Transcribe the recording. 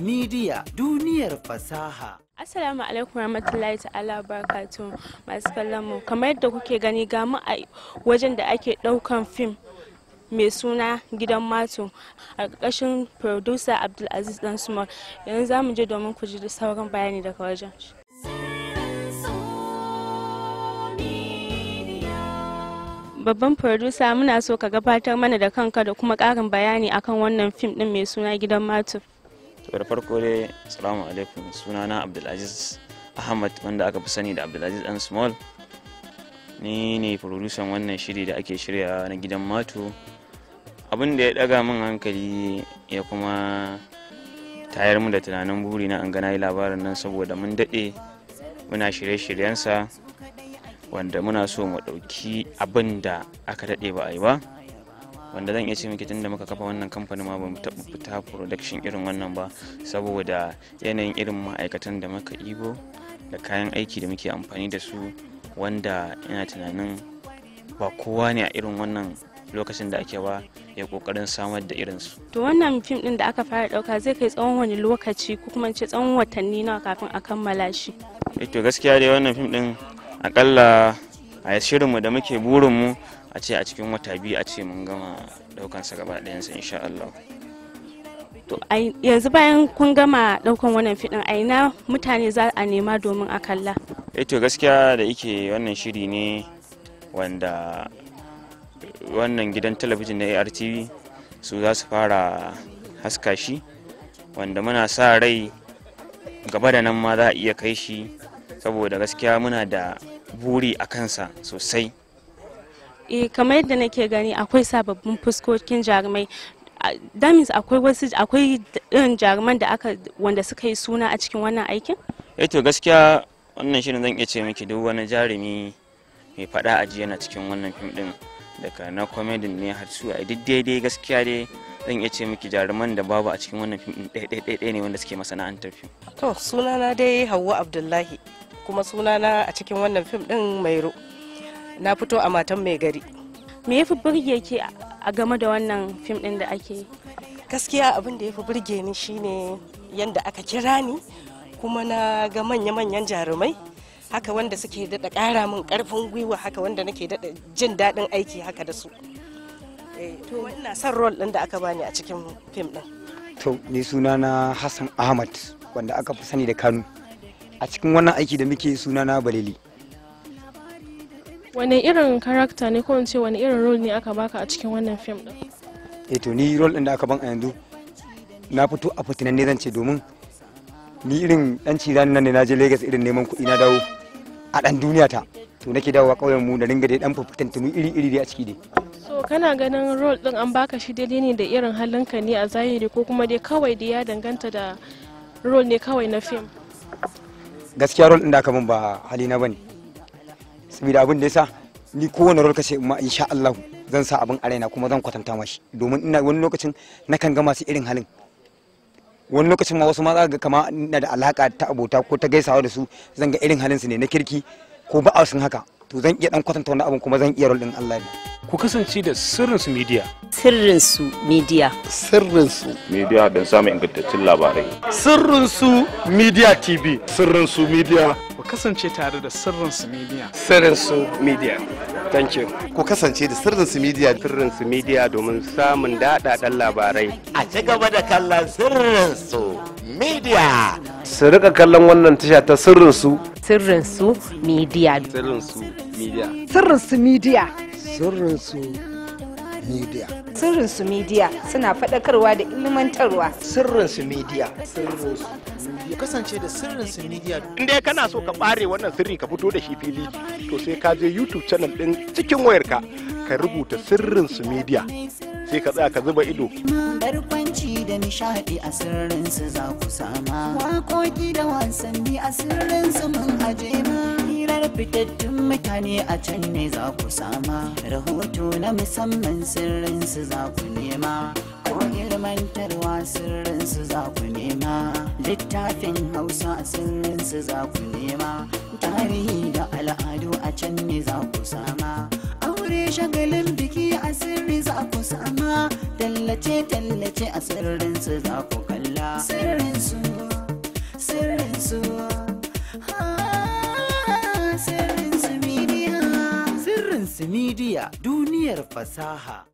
Media duniyar fasaha. Assalamu alaikum warahmatullahi ta'ala barakatun masu kallon mu kamar yadda kuke gani ga mu a wajen da ake ɗaukan fim mai suna gidan mato a ƙarƙashin producer abdulaziz dan sumar yanzu za mu je domin ku ji sauran bayani daga wajen babban producer muna so ka gabatar mana da kanka da kuma ƙarin bayani akan wannan fim ɗin mai suna gidan matu da farko dai salamu alaikum sunana abdulaziz ahmad wanda aka fi sani da abdulaziz dan small ni ne producer wannan shiri da ake shirya na gidan mato abin da ya daga min hankali ya kuma tayar mu da tunanin buri na an gana yi labarin nan saboda mun daɗe muna shirye-shiryensa wanda muna so mu ɗauki abin da aka daɗe ba a yi ba wanda zan iya ce miki tunda muka kafa wannan kamfanin ma bamu taɓa fita production irin wannan ba saboda yanayin irin ma'aikatan da muka ibo da kayan aiki da muke amfani da su wanda ina tunanin ba kowa ne a irin wannan lokacin da ake ba ya kokarin samar da irin su. To wannan fim din da aka fara dauka zai kai tsawon wani lokaci ko kuma ce tsawon watanni nawa kafin a kammala shi. Eh to gaskiya dai wannan fim din akalla a shirinmu da muke burinmu a ce a cikin wata biyu a ce mun gama daukansa gaba ɗayansa insha Allah. To yanzu bayan kun gama daukan wannan fiɗin a ina mutane za a nema domin a kalla. Eh to gaskiya da yake wannan shiri ne wanda wannan gidan talabijin na ARTV su za su fara haska shi wanda muna sa rai gaba da nan ma za a iya kai shi saboda gaskiya muna da buri a kansa sosai Eh, kamar yadda nake gani akwai sababbin fuskokin jarumai damis akwai wasu akwai irin jaruman da aka wanda suka yi suna a cikin wannan aikin eh to gaskiya wannan shirin zan iya ce miki duk wani jarumi mai fada a yana cikin wannan fim din daga na comedian ne har su a duk daidai gaskiya dai zan iya ce miki jaruman da babu a cikin wannan fim din ɗaya ne wanda suke masana'antar fim to sunana dai Hauwa Abdullahi kuma sunana a cikin wannan fim din Mairo na fito a matan mai gari me ya fi burge ki a game da wannan fim din da ake gaskiya abin da ya fi burge ni shine yadda aka kira ni kuma na ga manya-manyan jarumai haka wanda suke daɗa ƙara min ƙarfin gwiwa haka wanda nake daɗa jin daɗin aiki haka da su eh, to ina son rol ɗin da aka bani a cikin fim ɗin to ni sunana hassan ahmad wanda aka fi sani da kanu a cikin wannan aiki da muke sunana balili wani irin karakta ne ko ce wani irin role ne aka baka a cikin wannan fim din eh to ni role din da aka ban a yanzu na fito a fitinan ne zan ce domin ni irin dan cira nan ne na je Lagos irin neman kuɗi na dawo a dan duniya ta to nake dawowa kauyen mu da ringa dai dan tunu iri iri dai a ciki dai so kana ganin role din an baka shi daidai ne da irin halinka ne a zahiri ko kuma dai kawai dai ya danganta da role ne kawai na fim gaskiya role din da aka ban ba halina bane saboda abin da yasa ni kowane rol kace ma insha Allah zan sa abin a raina kuma zan kwatanta mashi domin ina wani lokacin kan ga masu irin halin wani lokacin ma wasu ma za ga kama ina da alaka ta abota ko ta gaisawa da su zan ga irin halin su ne na kirki ko ba sun haka to zan iya dan kwatanta wani abin kuma zan iya rol din Allah ne ku kasance da sirrin su media sirrin su media sirrin su media don samun ingantaccen labarai sirrin su media tv sirrin su media kasance tare da sirrinsu media. Sirrinsu media. Thank you. Ku kasance da sirrinsu media. Sirrinsu media domin samun daɗaɗɗen labarai. A ci gaba da kallon sirrinsu media. Su rika kallon wannan tasha ta sirrinsu. sirrinsu Sirrin sirrinsu media. sirrinsu media. Sirrinsu media. media sirrin su media suna faɗakarwa da ilmantarwa sirrin su media kasance da sirrin su media in dai kana so ka ɓare wannan sirri ka fito da shi fili to sai ka je youtube channel ɗin cikin wayarka ka rubuta sirrin su media sai ka tsaya ka zuba ido barkwanci da nishadi a sirrin su za ku sama waƙoƙi da wasanni a sirrin su mun haje fitattun mutane a can ne za ku sama rahoto na musamman sirrinsu za ku nema ko ilmantarwa sirrinsu za ku nema littafin hausa sirrinsu za ku nema tarihi da al'adu a can ne za ku sama aure shagalin biki a sirri za ku sama tallace-tallace a sirrinsu za ku kalla sirrin su multimedia duniyar fasaha.